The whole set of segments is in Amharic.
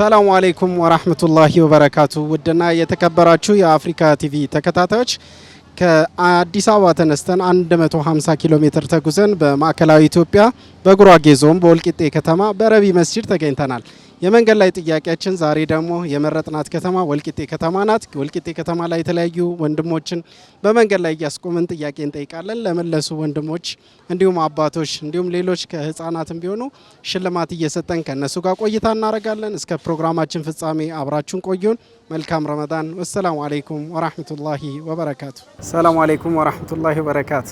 ሰላሙ አሌይኩም ወራህመቱላሂ ወበረካቱ። ውድና የተከበራችሁ የአፍሪካ ቲቪ ተከታታዮች ከአዲስ አበባ ተነስተን 150 ኪሎ ሜትር ተጉዘን በማዕከላዊ ኢትዮጵያ በጉራጌ ዞን በወልቂጤ ከተማ በረቢ መስጂድ ተገኝተናል። የመንገድ ላይ ጥያቄያችን ዛሬ ደግሞ የመረጥናት ከተማ ወልቂጤ ከተማ ናት። ወልቂጤ ከተማ ላይ የተለያዩ ወንድሞችን በመንገድ ላይ እያስቆምን ጥያቄ እንጠይቃለን። ለመለሱ ወንድሞች እንዲሁም አባቶች እንዲሁም ሌሎች ከህፃናትም ቢሆኑ ሽልማት እየሰጠን ከእነሱ ጋር ቆይታ እናደርጋለን። እስከ ፕሮግራማችን ፍጻሜ አብራችሁን ቆዩን። መልካም ረመዳን። ወሰላሙ አሌይኩም ወራህመቱላሂ ወበረካቱ። ሰላሙ አሌይኩም ወራህመቱላሂ ወበረካቱ።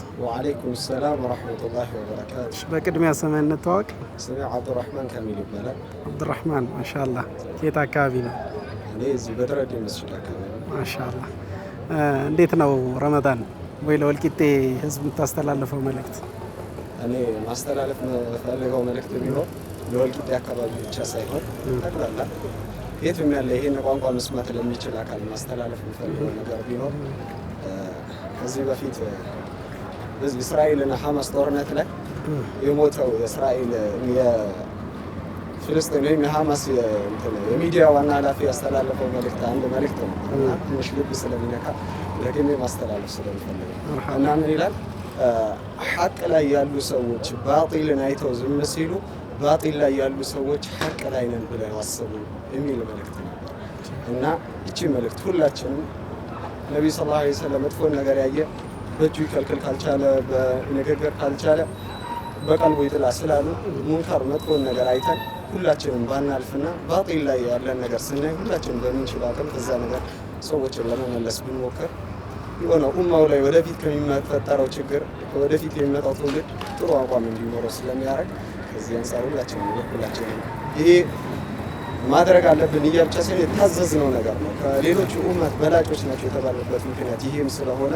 ሰላም ወራህመቱላሂ ወበረካቱ። በቅድሚያ ስምህን እንተዋወቅ። ስሜ አብዱራህማን ከሚል ይባላል። አብዱራህማን ይገርማል። ማሻላ ጌት አካባቢ ነው። ማሻላ እንዴት ነው ረመዳን ወይ ለወልቂጤ ህዝብ የምታስተላልፈው መልእክት? እኔ ማስተላለፍ የምፈልገው መልእክት ቢሆን ለወልቂጤ አካባቢ ብቻ ሳይሆን ጠቅላላ የትም ያለ ይህን ቋንቋ መስማት ለሚችል አካል ማስተላለፍ የምፈልገው ነገር ቢኖር ከዚህ በፊት እስራኤልና ሀማስ ጦርነት ላይ የሞተው የእስራኤል ፍልስጤም ወይም የሀማስ የሚዲያ ዋና ኃላፊ ያስተላለፈው መልእክት አንድ መልእክት ነው እና ትንሽ ልብ ስለሚነካ ደግሜ ማስተላለፍ ስለሚፈልግ እና ምን ይላል? ሀቅ ላይ ያሉ ሰዎች ባጢልን አይተው ዝም ሲሉ ባጢል ላይ ያሉ ሰዎች ሀቅ ላይ ነን ብለው አስቡ የሚል መልእክት ነበር እና እቺ መልእክት ሁላችንም ነቢ ስ ላ ወሰለም መጥፎን ነገር ያየ በእጁ ይከልክል ካልቻለ በንግግር ካልቻለ በቀልቡ ይጥላ ስላሉ ሙንከር መጥፎን ነገር አይተን ሁላችንም ባናልፍና ባጢል ላይ ያለን ነገር ስናይ ሁላችንም በምንችል አቅም እዛ ነገር ሰዎችን ለመመለስ ብንሞክር የሆነ ኡማው ላይ ወደፊት ከሚፈጠረው ችግር ወደፊት የሚመጣው ትውልድ ጥሩ አቋም እንዲኖረው ስለሚያደርግ ከዚህ አንጻር ሁላችንም ሁላችንም ይሄ ማድረግ አለብን እያብቻ ሳይሆን የታዘዝነው ነገር ነው። ከሌሎቹ ኡመት በላጮች ናቸው የተባለበት ምክንያት ይህም ስለሆነ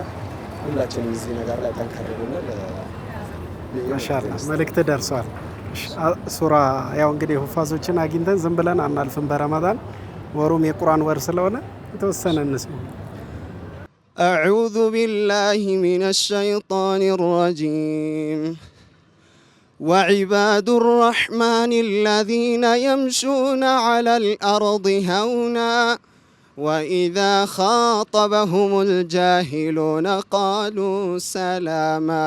ሁላችንም እዚህ ነገር ላይ ጠንከር ብንል መልእክት ደርሷል። ሱራ ያው እንግዲህ ሁፋዞችን አግኝተን ዝም ብለን አናልፍም። በረመዳን ወሩም የቁርአን ወር ስለሆነ የተወሰነ እንስማ። አዑዙ ቢላሂ ሚነ ሸይጣን ረጂም وعباد الرحمن الذين يمشون على الأرض هونا وإذا خاطبهم الجاهلون قالوا سلاما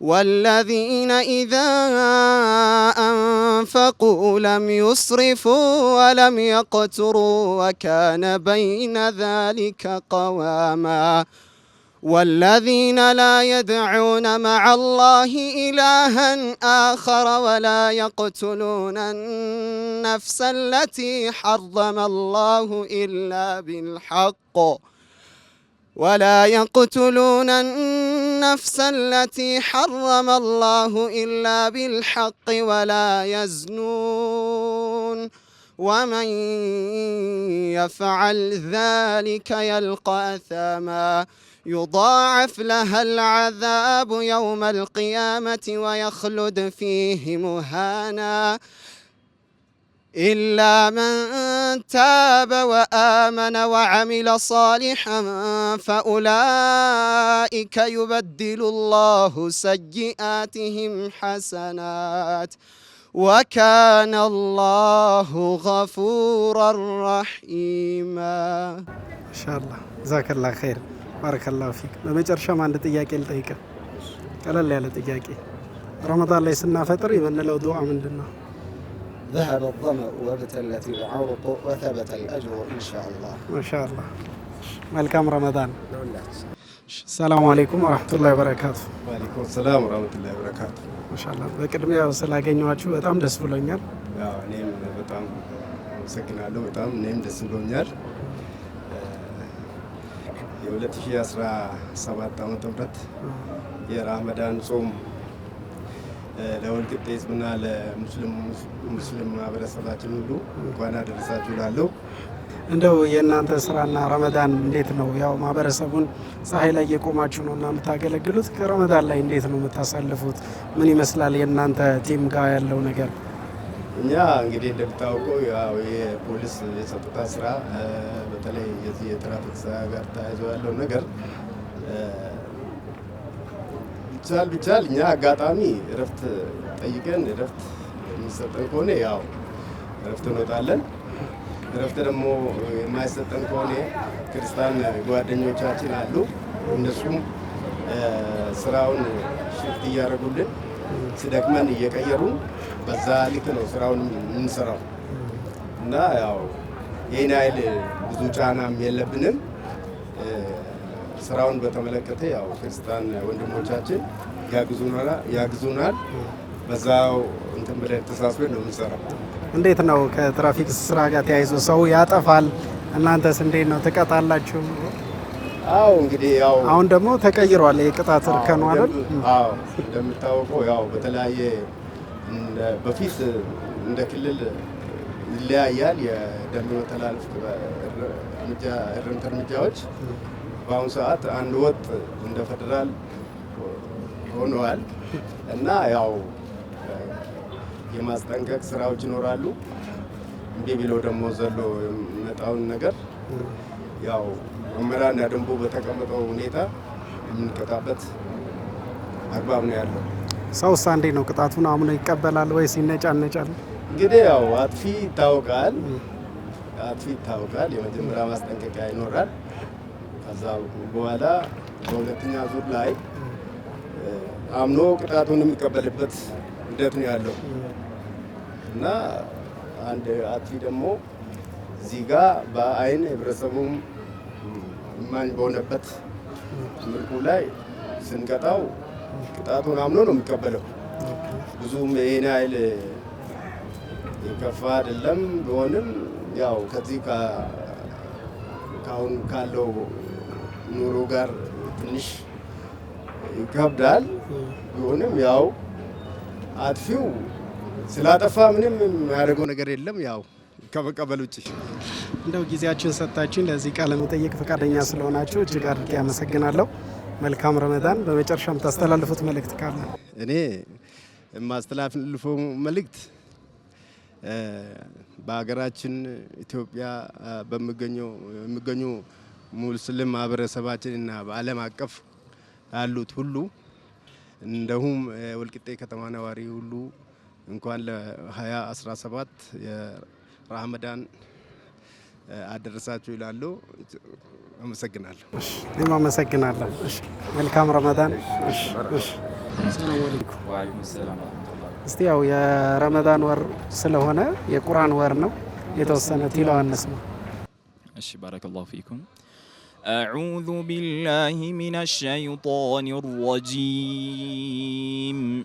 والذين إذا أنفقوا لم يسرفوا ولم يقتروا وكان بين ذلك قواما والذين لا يدعون مع الله إلها آخر ولا يقتلون النفس التي حرم الله إلا بالحق ولا يقتلون النفس التي حرم الله إلا بالحق ولا يزنون ومن يفعل ذلك يلقى أثاما يضاعف لها العذاب يوم القيامة ويخلد فيه مهانا إلا من تاب وآمن وعمل صالحا فأولئك يبدل الله سيئاتهم حسنات وكان الله غفورا رحيما إن شاء الله جزاك الله خير بارك الله فيك ما ما በመጨረሻም አንድ ጥያቄ ልጠይቅ ቀለል رمضان ጥያቄ ረመዳን ላይ ስናፈጥር له دعاء من دنا ذهب الظمأ وابتلت العرق ወተበተ الأጅሩ ኢንሻአላህ ማሻአላ። መልካም ረመዳን። ሰላሙ አለይኩም ወረህመቱላሂ ወበረካቱ። ወአለይኩም ሰላም ወረህመቱላሂ ወበረካቱ። ማሻአላ በቅድሚያ ስላገኘኋችሁ በጣም ደስ ብሎኛል። እኔም በጣም አመሰግናለሁ። በጣም እኔም ደስ ብሎኛል። የ2017 ዓ.ም የራመዳን ጾም ለወልቂጤ ና ለሙስሊም ማህበረሰባችን ሁሉ እንኳን አደረሳችሁ እላለሁ። እንደው የእናንተ ስራና ረመዳን እንዴት ነው? ያው ማህበረሰቡን ፀሐይ ላይ የቆማችሁ ነው እና የምታገለግሉት። ከረመዳን ላይ እንዴት ነው የምታሳልፉት? ምን ይመስላል የእናንተ ቲም ጋር ያለው ነገር? እኛ እንግዲህ እንደምታውቀው ያው የፖሊስ የጸጥታ ስራ በተለይ የዚህ የትራፊክ ስራ ጋር ተያይዞ ያለው ነገር ቢቻል ቢቻል እኛ አጋጣሚ እረፍት ጠይቀን እረፍት የሚሰጠን ከሆነ ያው እረፍት እንወጣለን። እረፍት ደግሞ የማይሰጠን ከሆነ ክርስቲያን ጓደኞቻችን አሉ። እነሱም ስራውን ሽፍት እያደረጉልን ስደክመን እየቀየሩ በዛ ልክ ነው ስራውን የምንሰራው እና ያው ይህን ያህል ብዙ ጫናም የለብንም። ስራውን በተመለከተ ያው ክርስቲያን ወንድሞቻችን ያግዙናል። በዛው እንትን ብለን ተሳስበን ነው የምንሰራው። እንዴት ነው ከትራፊክ ስራ ጋር ተያይዞ ሰው ያጠፋል፣ እናንተስ እንዴት ነው ትቀጣላችሁ? አው እንግዲህ ያው አሁን ደግሞ ተቀይሯል የቅጣት እርከኑ አይደል? አው እንደምታወቀው ያው በተለያየ በፊት እንደ ክልል ይለያያል የደንብ መተላለፍ እርምጃ እርምት እርምጃዎች በአሁኑ ሰዓት አንድ ወጥ እንደ ፌዴራል ሆነዋል እና ያው የማስጠንቀቅ ስራዎች ይኖራሉ። እንዲህ ብሎ ደግሞ ዘሎ የመጣውን ነገር ያው መመሪያና ደንቡ በተቀመጠው ሁኔታ የምንቀጣበት አግባብ ነው ያለው። ሰውስ አንዴ ነው ቅጣቱን አምኖ ይቀበላል ወይስ ይነጫነጫል? እንግዲህ ያው አጥፊ ይታወቃል፣ አጥፊ ይታወቃል። የመጀመሪያ ማስጠንቀቂያ ይኖራል። ከዛ በኋላ በሁለተኛ ዙር ላይ አምኖ ቅጣቱን የሚቀበልበት ሂደት ነው ያለው እና አንድ አጥፊ ደግሞ እዚህ ጋ በአይን ህብረተሰቡም እማኝ በሆነበት መልኩ ላይ ስንቀጣው ቅጣቱን አምኖ ነው የሚቀበለው። ብዙም ይሄን ያህል የከፋ አይደለም። ቢሆንም ያው ከዚህ ከአሁን ካለው ኑሮ ጋር ትንሽ ይከብዳል። ቢሆንም ያው አጥፊው ስላጠፋ ምንም የሚያደርገው ነገር የለም ያው ከመቀበል ውጭ እንደው ጊዜያችሁን ሰጥታችን ለዚህ ቃለ መጠየቅ ፈቃደኛ ስለሆናችሁ እጅግ አድርጌ ያመሰግናለሁ። መልካም ረመዳን። በመጨረሻም ታስተላልፉት መልእክት ካለ? እኔ የማስተላልፈው መልእክት በሀገራችን ኢትዮጵያ በሚገኙ ሙስሊም ማህበረሰባችን እና በዓለም አቀፍ ያሉት ሁሉ እንደሁም ወልቂጤ ከተማ ነዋሪ ሁሉ እንኳን ለ2017 የረመዳን አደረሳችሁ ይላሉ። አመሰግናለሁ። እኔም አመሰግናለሁ። መልካም ረመዳን። ሰላም አለይኩም። እስቲ ያው የረመዳን ወር ስለሆነ የቁርአን ወር ነው። የተወሰነ ቲላዋ እንስማ። ماشي بارك الله فيكم أعوذ بالله من الشيطان الرجيم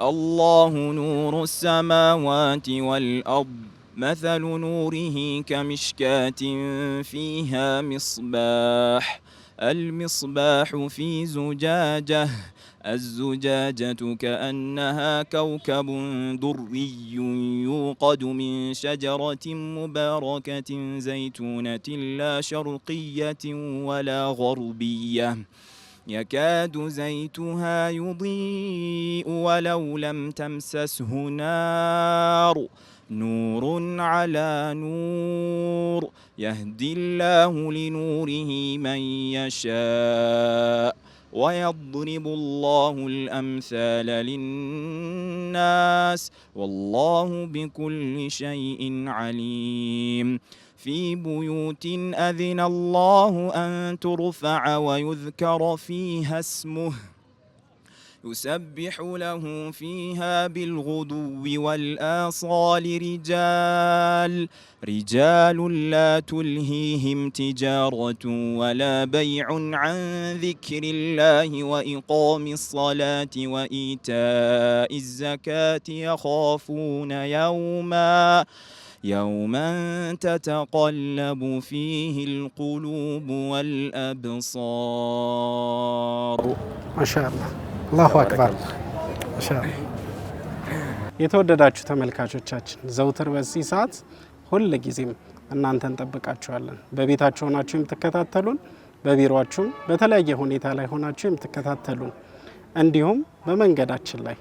الله نور السماوات والأرض مثل نوره كمشكاة فيها مصباح المصباح في زجاجه الزجاجة كأنها كوكب دري يوقد من شجرة مباركة زيتونة لا شرقية ولا غربية يكاد زيتها يضيء ولو لم تمسسه نار نور على نور يهدي الله لنوره من يشاء ويضرب الله الأمثال للناس والله بكل شيء عليم في بيوت أذن الله أن ترفع ويذكر فيها اسمه يسبح له فيها بالغدو والآصال رجال رجال لا تلهيهم تجارة ولا بيع عن ذكر الله وإقام الصلاة وإيتاء الزكاة يخافون يوما يوما تتقلب فيه القلوب والأبصار ما شاء الله አላሁ አክበር። የተወደዳችሁ ተመልካቾቻችን ዘውትር በዚህ ሰዓት ሁል ጊዜም እናንተ እንጠብቃችኋለን። በቤታችሁ ሆናችሁ የምትከታተሉን፣ በቢሮችሁም በተለያየ ሁኔታ ላይ ሆናችሁ የምትከታተሉን፣ እንዲሁም በመንገዳችን ላይ